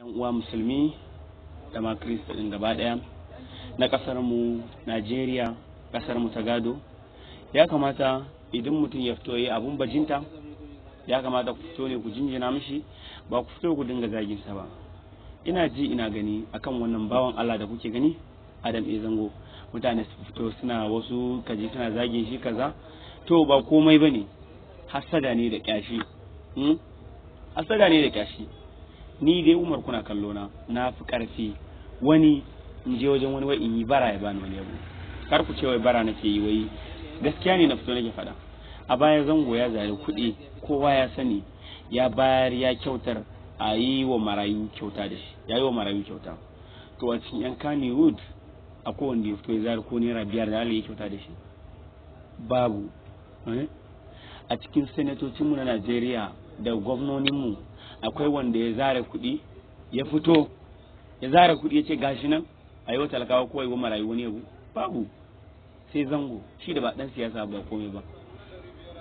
yan uwa musulmi da ma kirista din gaba daya na kasar mu Najeriya kasar mu ta gado ya kamata idan mutum ya fito yi abun bajinta ya kamata ku fito ne ku jinjina mishi ba ku fito ku dinga zaginsa ba ina ji ina gani akan wannan bawan Allah da kuke gani Adam e zango mutane su fito suna wasu kaji suna zagin shi kaza to ba komai bane hasada ne da kyashi hasada hmm? ne da kyashi ni dai umar kuna kallo na na fi karfi wani in je wajen wani wai in yi bara ya bani wani yabo kar ku ce wai bara nake yi wai gaskiya ne na fito nake faɗa a baya zango ya zari kuɗi kowa ya sani ya bayar ya kyautar a yi wa marayu kyauta da shi ya yi wa marayu kyauta to a cikin yan kani wood a kowanne ya fito ya zari ko naira biyar da ala yi kyauta da shi babu eh? a cikin sanatocinmu na najeriya da gwamnoninmu akwai wanda ya zara kuɗi ya fito ya zara kuɗi ya ce gashi nan a wa talakawa ko wa marayu wani yabu babu sai zango shi da ba ɗan siyasa ba komai ba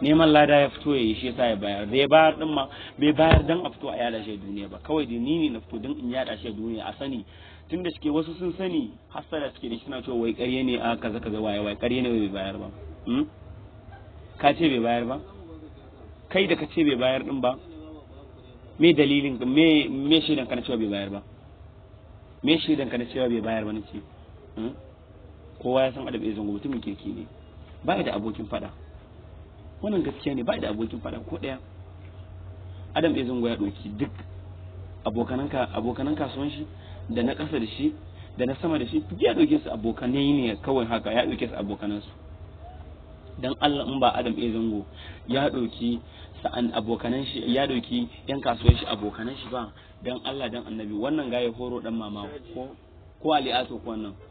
neman lada ya fito ya yi shi yasa ya bayar da ya bayar ɗin ma bai bayar don a fito a yada shi duniya ba kawai da ni ne na fito don in yada shi duniya a sani tun da suke wasu sun sani hasara suke da shi suna cewa wai karye ne a kaza kaza waye waye karye ne bai bayar ba hmm? ka ce bai bayar ba kai da ka ce bai bayar din ba me dalilin me me shaidan ka na cewa bai bayar ba me shaidan ka na cewa bai bayar ba nace hmm? kowa ya san adab izin gobe mutumin kirki ne ba da abokin fada wannan gaskiya ne ba da abokin fada ko daya adam izin ya doki duk abokananka abokanan kasuwan shi da na ƙasa da shi da na sama da shi duk ya doke su abokanai ne kawai haka ya doke su abokanansu dan Allah in ba Adam ya zango ya dauki sa'an abokanan shi ya dauki yan kasuwar shi abokanan shi ba dan Allah dan Annabi wannan gaye horo dan mama ko ko ali'ato ko wannan